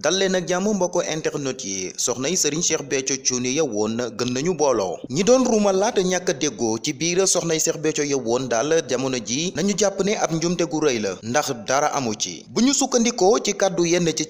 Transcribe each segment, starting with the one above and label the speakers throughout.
Speaker 1: dal leen ak jàmm mbokk internet yi soxna yi sëriñ Cheikh Béthio Thioune yewoon gën nañu booloo ñi doon ruuma laata ñàkk déggoo ci biir soxna seex Cheikh Béthio yewoon daal jamono ji nañu jàpp ne ab njumte gu rëy la ndax dara amu ci bu ñu sukkandikoo ci kàddu yenn ci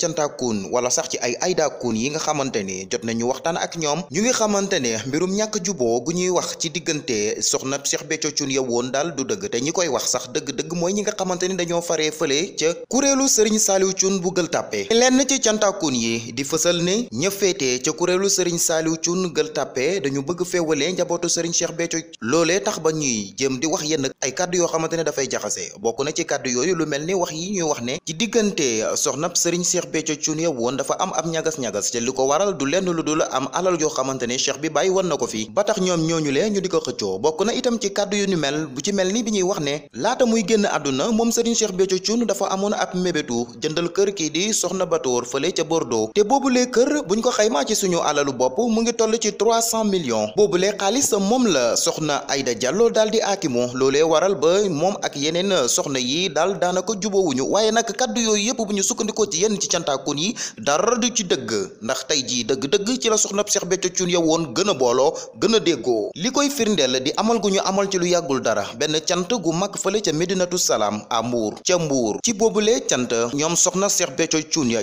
Speaker 1: wala sax ci ay aydaakuun yi nga xamante ni jot nañu waxtaan ak ñoom ñu ngi xamante ne mbirum ñàkk juboo gu ñuy wax ci diggante soxna Cheikh Béthio Thioune yewoon daal du dëgg te ñi koy wax sax dëgg-dëgg mooy ñi nga xamante ni dañoo faree fële ca kuréelu sëriñ Saliou Thioune bu gël tàppe lenn ci Tantakun yi di fësal ne ña féete ca kuréelu sëriñ Saaliw Cuun Gueule Tapée dañu bëgg féewale njabootu sëriñ Cheikh Béthio loolee tax ba ñuy jëm di wax yenn ay kàddu yoo xamante ne dafay jaxase bokk na ci kàddu yooyu lu mel ni wax yi ñuy wax ne ci diggante soxnab sëriñ Cheikh Béthio Cuun ya woon dafa am ab ñagas-ñagas te li ko waral du lenn lu dul am alal yoo xamante ne cheikh bi bàyyi woon na ko fi ba tax ñoom ñooñu lee ñu di ko xëccoo bokk na itam ci kàddu yu ñu mel bu ci mel ni bi ñuy wax ne laata muy génn àdduna moom sëriñ seex Béthio Cuun dafa amoon ab mébétu jëndal kër kii di soxna Batoor fële foofee ca Bordeaux te boobulee kër buñ ko xaymaa ci suñu alalu bopp mu ngi toll ci trois 300 millions boobulee xaalis moom la soxna Aïda Diallo daal di aakimu loolee waral ba moom ak yeneen soxna yi daal daanaka jubóowuñu waaye nag kaddu yooyu yëpp bu ñu sukkandikoo ci yenn ci cantaakoon yi dara du ci dëgg ndax tey jii dëgg-dëgg ci la soxna seex Béthio Thioune ya woon gën a booloo gën a déggoo li koy firndeel di amal gu ñu amal ci lu yàggul dara benn cant gu mag fële ca Médinatu Salaam à Mbour ca Mbour ci boobule cant ñoom soxna Cheikh Béthio Thioune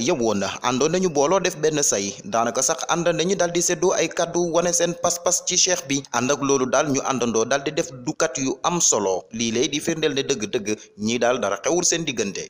Speaker 1: àndoon nañu booloo def benn say daanaka sax ànd nañu daal di séddoo ay kàddu wane seen pas-pas ci cheikh bi ànd ak loolu daal ñu àndandoo daal di def dukkat yu am solo lii lay di firndeel ne dëgg-dëgg ñii daal dara xewul seen diggante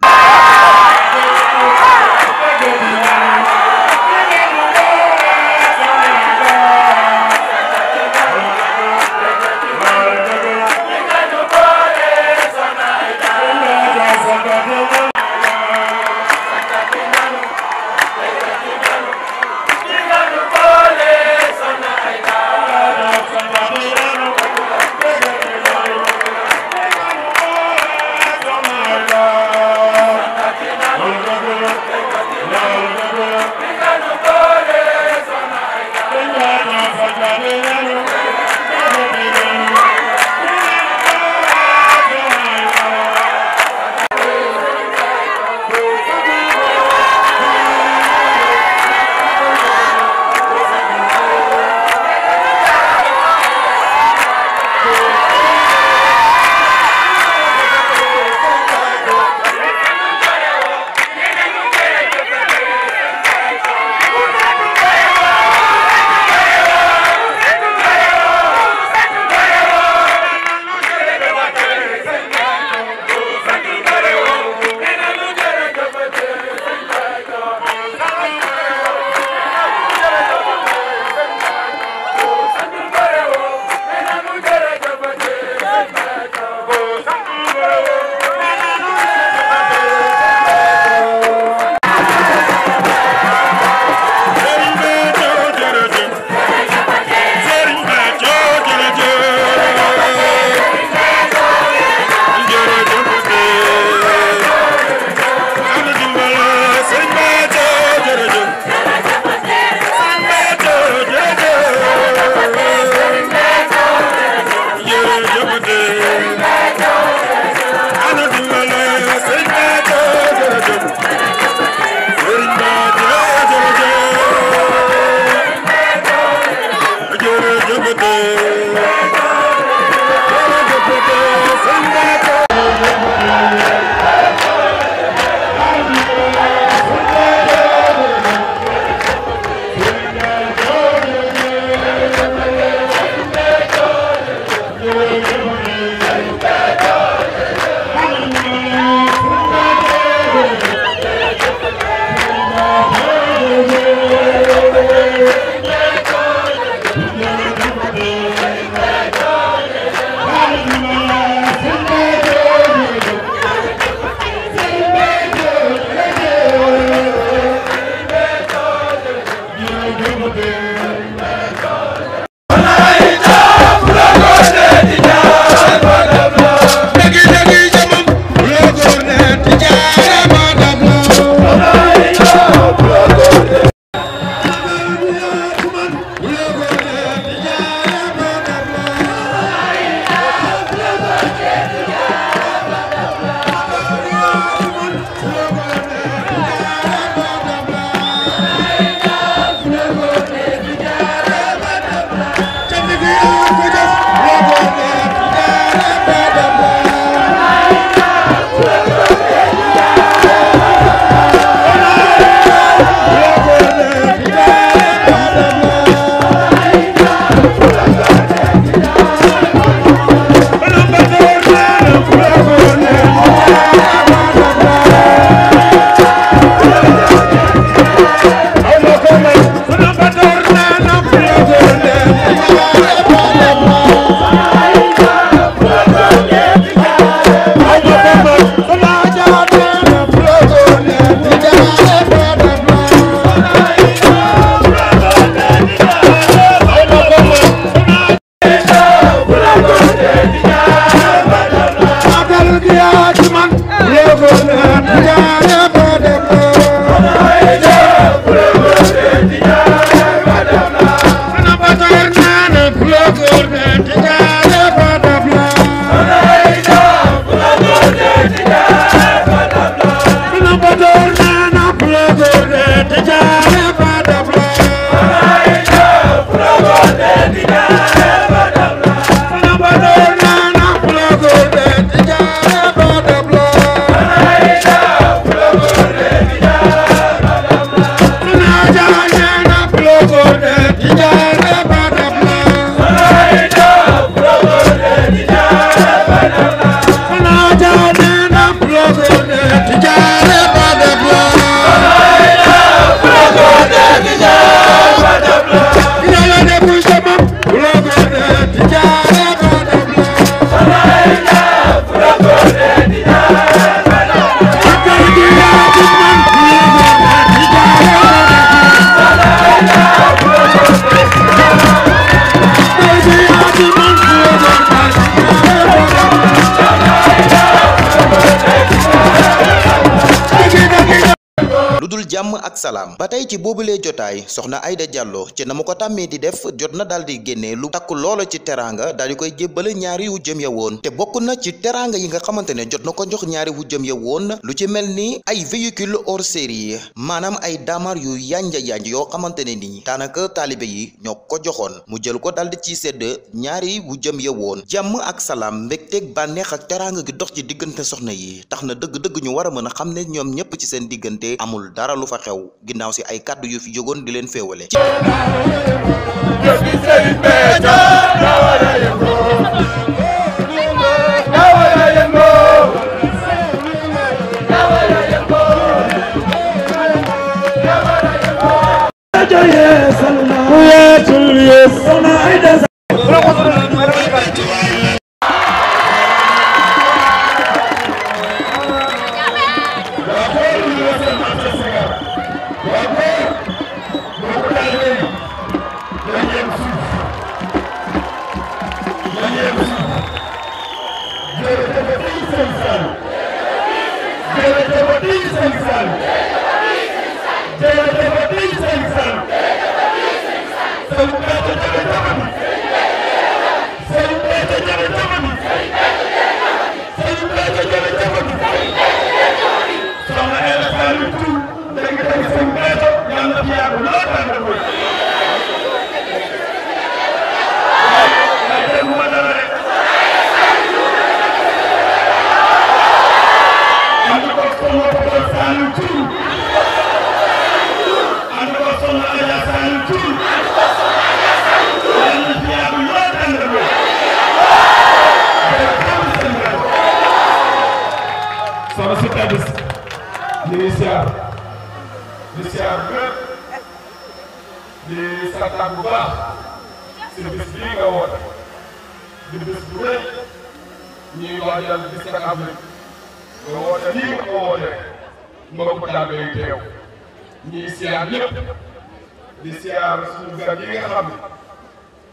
Speaker 1: jàmm ak salaam ba tey ci boobulee jotaay soxna Aïda Diallo ci na ma ko tàmmee di def jot na daal di génnee lu takk loola ci teraanga daal di koy jébbale ñaari wu jëm ya woon te bokk na ci teraanga yi nga xamante ne jot na ko jox ñaari wu jëm ya woon lu ci mel ni ay véhicule hors yi maanaam ay daamar yu yanja yanj yoo xamante ne nii daanaka taalibe yi ñoo ko joxoon mu jël ko daal di ci sedd ñaari wu jëm ya woon jàmm ak salaam teg bànneex ak teraanga gi dox ci diggante soxna yi tax na dëgg-dëgg ñu war a mën a xam ne ñoom ñëpp ci seen diggante amul fa xew ginnaaw si ay kàddu yu fi jógoon di leen féewale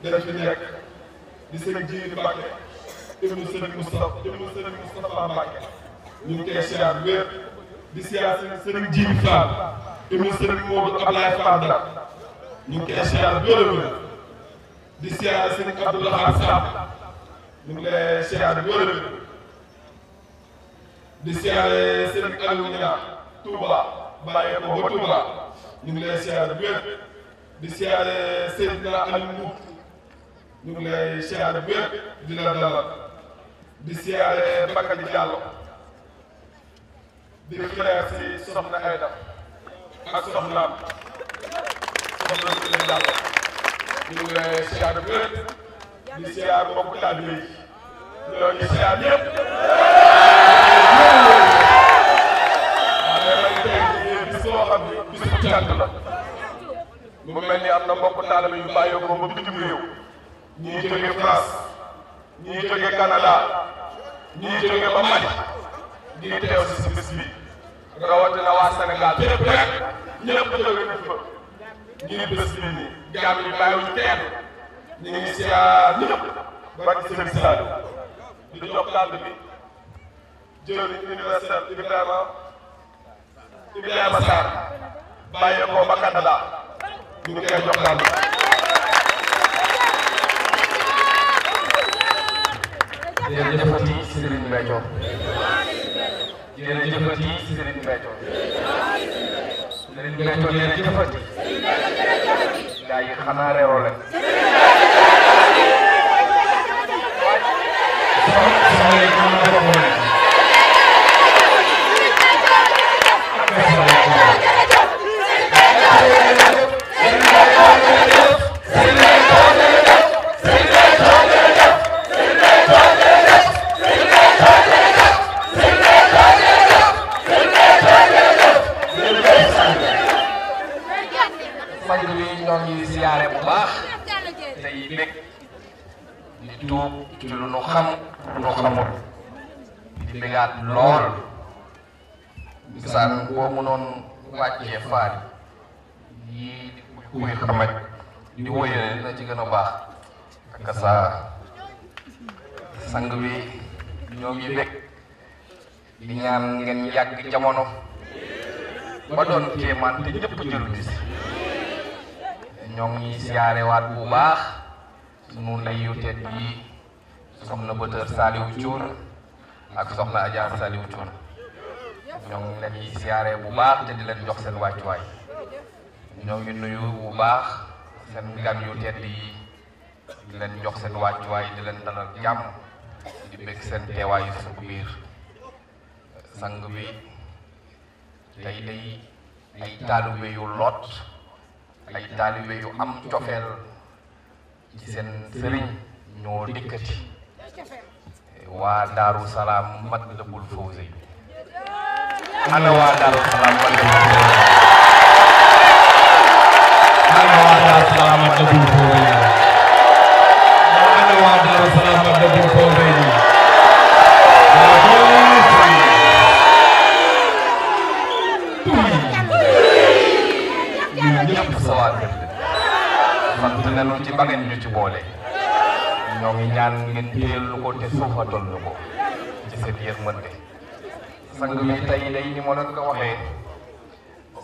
Speaker 2: dina fi nekk di sëñ Jiili Mbàkke ibnu sëñ Moustapha ibnu sëñ Moustapha Mbàkke ñu ngi koy siyaar wér di siyaar sëñ Jiili Fall ibnu sëñ Moodu Ablaye Fall ñu ngi koy siyaar wér wér di siyaar sëñ Abdou Lahad Samb ñu ngi lay siyaar wér wér di siyaare sëñ Aliou Niang Touba bàyyi ko ba Touba ñu ngi lay siyaar wér di siyaare sëñ Aliou ñu ngi lay siyaare bu yëpp di la dalal di siyaare Bakka Diallo di frère si Soxna Aida ak Soxnaam Soxna Sile Diallo ñu ngi lay siyaare bu yëpp di siyaare mbokku taalibe yi ñoo ngi siyaare ñëpp. mu mel ni am na mbokku taalibe yu bàyyi ko ba bitim réew ñii jóge France ñii jóge Canada ñii jóge ba Mali di teew si si bis bi rawatina waa Sénégal bépp rek ñëpp jóge nañ fa ñii bés bi nii jaam yi bàyyiwuñ kenn ñu ngi siyaar ñëpp ba ci seen saadu di jox kàddu bi jëriñ universitaire Ibrahima Ibrahima Sarr bàyyee ko ba Canada ñu ngi koy jox kàddu di leen jëfati
Speaker 3: Serigne Béthio di leen jëfati Serigne Béthio Serigne Béthio di leen jëfati gaa yi xanaa reeroo leen soxla yi man te ñëpp njëriñu si ñoo ngi siyaarewaat bu baax sunu layu tet yi soxna bëtër Saliou Thiour ak soxna Adja Saliou Thiour ñoo ngi lañuy siyaare bu baax te di leen jox seen wàccuwaay ñoom ngi nuyu bu baax seen gan yu tedd yi di leen jox seen wàccuwaay di leen dalal jàmm di bëgg seen teewaayu suñu biir sang bi tey day ay taalibe yu lot ay taalibe yu am cofeel ci seen sëriñ ñoo dikkati waa daaru salaam Matlabul Fawzi ana waa waa daaru salaam Matlabul Fawzi ana ñaanal ci ba ngeen ñu ci boole ñoo ngi ñaan ngeen téyel lu ko te suufatal ñu ko ci seen yërmande sang bi tey day ni ma leen ko waxee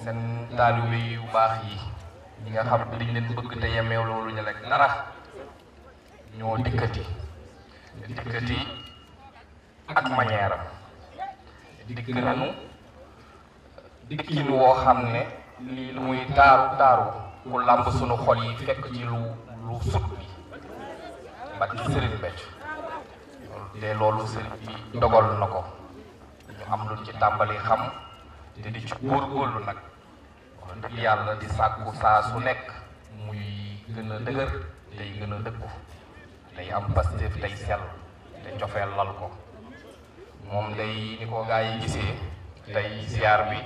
Speaker 3: seen taalibe yu baax yi ñi nga xam liñ leen bëgg te yemeew loolu ñu lekk dara ñoo dikkati dikkati ak manière am dikk nanu dikkin woo xam ne lii lu muy taaru taaru ku làmb sunu xol yi fekk ci lu lu sut bi mbagg sëriñ becc te loolu sëriñ bi na ko ñu am luñ ci tàmbali xam te di ci góorgóorlu nag wax dëgg yàlla di sàkku saa su nekk muy gën dëgër tey gën a dëkku day am Pastef day sell te cofeel lal ko moom day ni ko gaa yi gisee tey ziar bi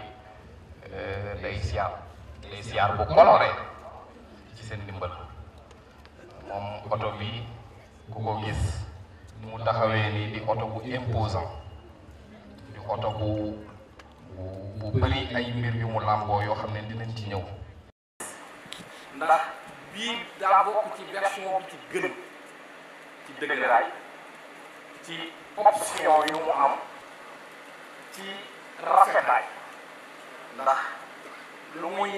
Speaker 3: eh, day siyaal day ziar bu coloré ci seen ndimbal moom oto bi ku ko gis mu taxawee nii di oto bu imposant di oto bu bu bëri ay mbir yu mu làmboo yoo xam ne dinañ ci ñëw. ndax bii daa bokk ci version ci gën ci dëgëraay ci option yu mu am ci rafetaay ndax lu muy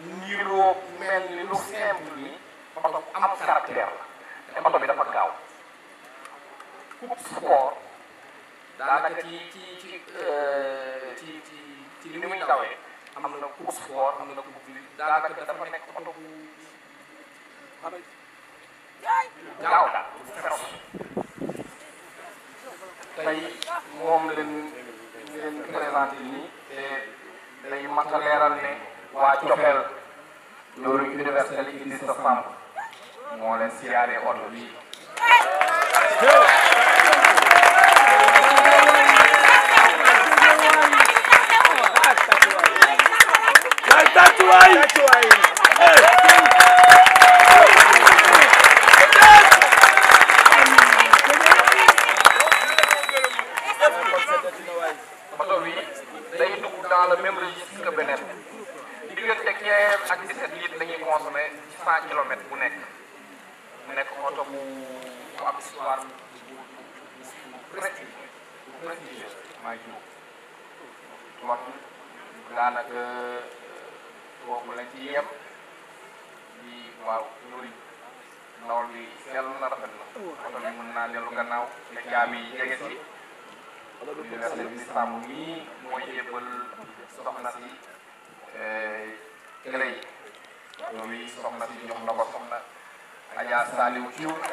Speaker 3: niroo mel ni lu simple ni am caractère la te oto bi dafa gaaw
Speaker 2: coupe sport
Speaker 3: daanaka ci ci ci euh, ci ci ci li muy dawee am na coupe sport am na coupe gaaw daal tey moom leen leen présenté nii te day mat leeral ne waa Cofel loolu universel Idrissa Samb moo leen siyaaree oto bi oto bi day dugg dans le même registre que beneen diggante Kébémer ak 17 litres dañuy consommé 100 kilomètres bu nekk mu nekk oto bu bu am histoire bu prestigieuse maa ngi tubaab daanaka euh, boobu la ci yem waaw ñuul ndawal bi sell na rafet na oto bi mën naa dellu gannaaw te jaam jege si université bi mii mooy jébbal soxna si. clé eh, yi yooyu soxna si jox na ko soxna Adja Saliou Thioune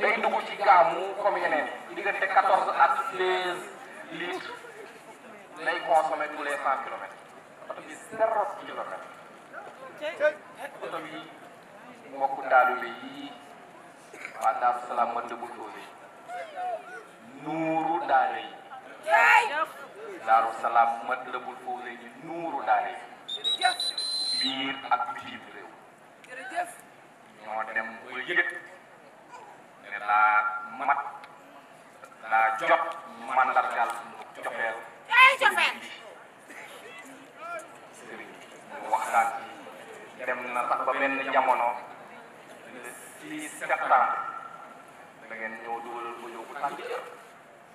Speaker 3: day dugg ci gaamu comme yeneen diggante quatorze ak seize litres lay consommé tous les cent kilomètres oto bi zéro kilomètre oto bi mbokku taalibe yi nuuru daane yi Daaru Salaam mën dëbu tuuti nuuru daane yi biir ak bitim réew ñoo dem ba yëg daa mat daa jot mandargal mu cofeel sëriñ bi sëriñ bi mu waxtaan dem na sax ba benn jamono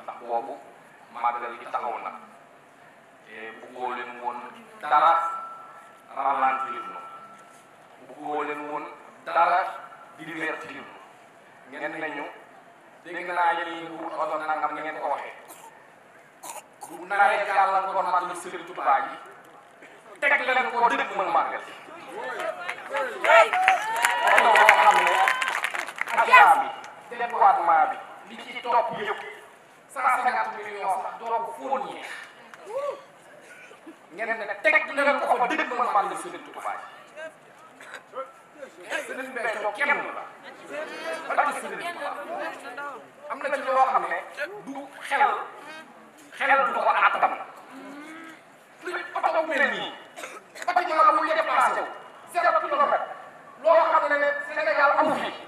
Speaker 3: ndax boobu màggal gi taxaw na te buggoo leen woon dara ralentir nu buggoo leen woon dara divertir nu ngeen nañu dégg naa yéen wut oto nangam ni ngeen ko waxee bu naree gàllankoor màggal Sëriñ Tuubaa ji teg leen ko dëkk mën màggal oto boo xam ne agent bi département bi li ci topp yëpp cent cinquante millions sax doo ko fóon ñeex ngeen ne teg leen ko fa dëkk mën màggal Sëriñ Tuubaa ji sëriñ Béthio kenn la am na ci loo xam ne du xel xel du ko attan lu oto bu mel nii pratiquement bu ñu déplacé wu zéro kilomètre loo xam ne ne Sénégal amu fi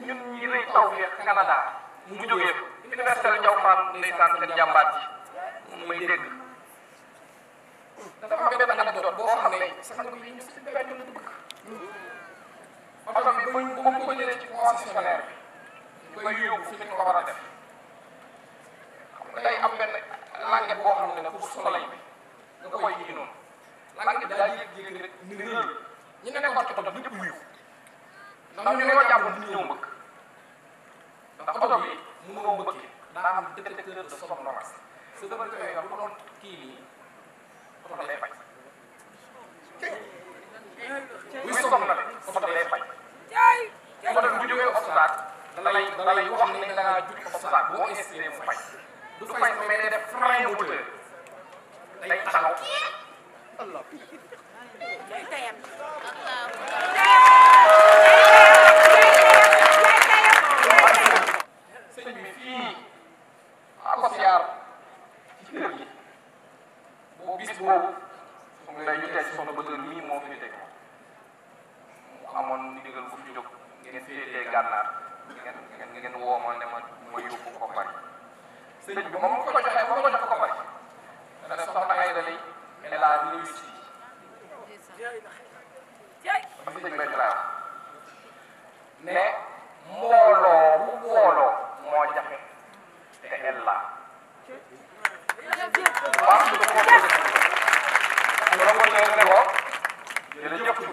Speaker 3: ñun ñi lay taw fii Canada mu jógee fa universel Diaw Fane ndeysaan seen jàmbaat ji may dégg dafa am benn anecdote boo xam ne sax nga ko yi ñu si benn lu bëgg oto bi buñ bu ma ko jëlee ci concessionnaire bi koy yóbbu fi ñu ko war a def xam nga day am benn languette boo xam ne ne pour soleil bi nga koy yii noonu languette bi daa yéeg jéegi rek ni réer ñu nekkoon ci oto bi ñëpp wuyu ndax ñu dañoo jàppoon ni ñëw mbëkk ndax oto bi mënoo mbëkki daa am détecteur de somnolence sa dëgër koy yor bu doon kii nii oto day faj muy somnale oto day faj
Speaker 4: oto bu jógee hôpital
Speaker 3: da lay da lay wax ne da ngaa jóge hôpital boo inscrire mu faj du faj mais day def frein moteur day taxaw Allah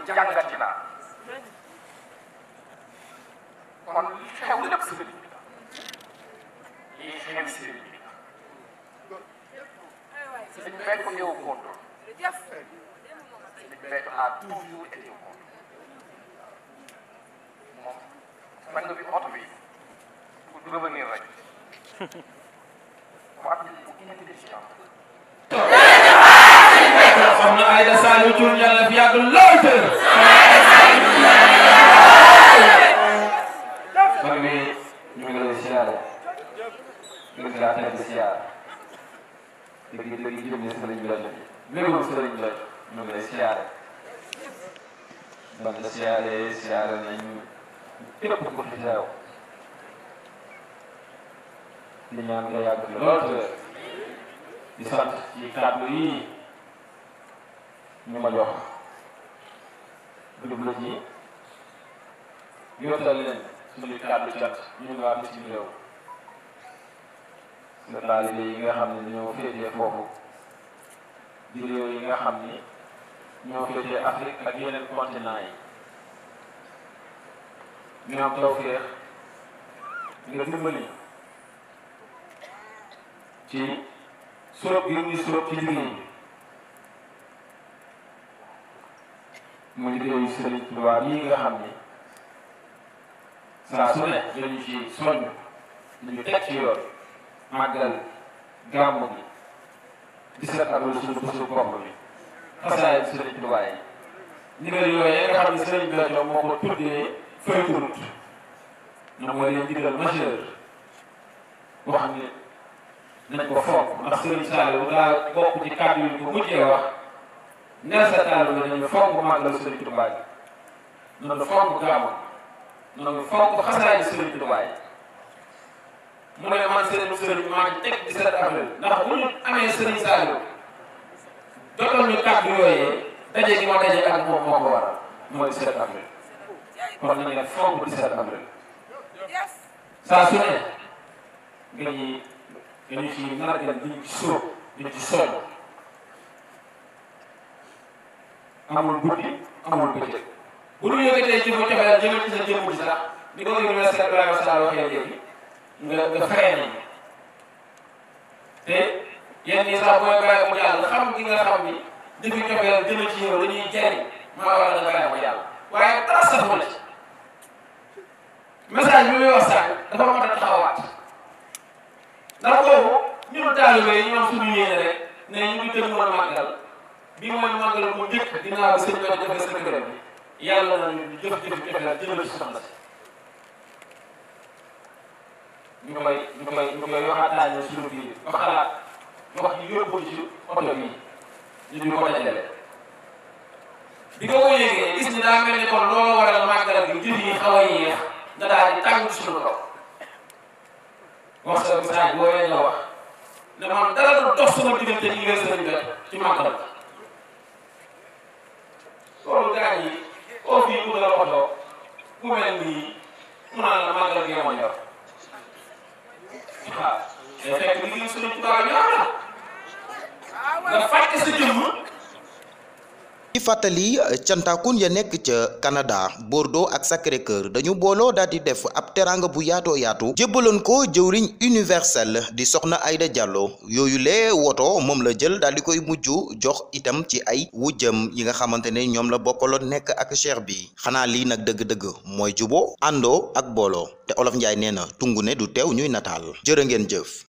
Speaker 3: jàngati naa kon li xew lépp sëriñ bi la lii xew sëriñ bi la sëriñ Béthio ñëw kondo sëriñ Béthio a toujours été au kondo moom man nga bi oto bi pour revenir rek waa bi bu intelligent
Speaker 4: soxna Aïda Saliou Thioune yàlla fi yàgg serviteur.
Speaker 3: kon nii ñu ngi lay siyaare ñu ngi laa teg di siyaare dëgg dëgg jëm ne sëriñ bi la jot léegi sëriñ bi la ñu ngi lay siyaare ban la siyaare siyaare nañu képp ko fi teew di ñaan nga yàgg lool te di sant ci kàddu yi ñu ma jox jublu ci yóotal leen suñuy kàddu cat ñun waa bitim réew sa taalibe yi nga xam ne ñoo féetee foofu di yi nga xam ni ñoo féetee Afrique ak yeneen continent yi ñoo am tawféex nga dimbali ci surop yi ñu surop ci liggéey mu liggéeyu Sëriñ Tuubaa bii nga xam ni saa su ne dañu ci soññ dañu teg ci yoon màggal gàmmu gi di set amal suñu bésu bopp bi xasaayam Sëriñ Tuubaa yi ndigal yooyu nga xam ne Sëriñ Béthio moo ko tuddee feuille de route na mooy leen ndigal majeur wax ni nañ ko foog ndax Sëriñ Saliou daa bokk ci kàddu yi ñu ko mujjee wax neel sa taal bi nañu fonk màggal Sëriñ Tuubaa yi nañu fonk gàmmu nañu fonk xasaay Sëriñ Tuubaa yi mu ne man seen maa teg 17 avril ndax bu ñu amee sëriñ Saliou jotoon ñu kàddu yooyee daje gi ma daje ak moom moo ko waral mooy 17 avril kon nañu ne saa su ne nga ñuy nga a dem di ñu ci sóob di ñu ci amul guddi amul bëccëg bu ñu yëkkatee jëmu cofeel jëmal ci sa jëmm ji sax di ko université Ibrahima Sall waxee léegi nga nga fayal nañu te yenn yi sax mu jàll xam gi nga xam ni jëfi cofeel jëmal ci yow dañuy jëriñ maa waral nga bàyyi mu jàll waaye dara safu la ci message bi muy wax sax dafa mën a taxawaat ndax boobu ñun taalibe yi ñoom suñu yéene rek ne ñu ngi dem mën a màggal bi mooy màggal bu njëkk dinaa ba sëñ Ba jafe sa kër bi yàlla na ñu jëf jëf jafe la jëmal ci soxna si ñu koy ñu koy ñu koy waxaat naa ñëw suñu biir ba xalaat wax yi yóbbu ci oto bi ñu di ko dajale bi nga ko yëgee gis ni daa mel ni kon loolu waral màggal bi jëf yi xaw a yéex nga daal di tàng suñu kaw wax sa message boo leen la wax ne maanaam dara du dox sama diggante yi nga sëriñ bi ci màggal loolu gars yi aussi mu la waxandoo ku mel ni mu naan la màggal gi moo ñor waaw. te fekk liggéey suñu tubaab ñu am la nga fàtte
Speaker 4: sa jëmm.
Speaker 1: ci fàttali cantakun ya nekk ca Canada Bordeaux ak Sacré-Cœur dañu booloo daal di def ab teranga bu yaatoo yaatu jébbaloon ko jëwriñ universel di soxna Aïda Diallo yooyu lee woto moom la jël daal di koy mujj jox itam ci ay wu jëm yi nga xamante ne ñoom la bokkaloon nekk ak cheikh bi xanaa lii nag dëgg-dëgg mooy juboo àndoo ak booloo te Olof Njaay nee na tungu ne du teew ñuy nataal jërë ngeen jëf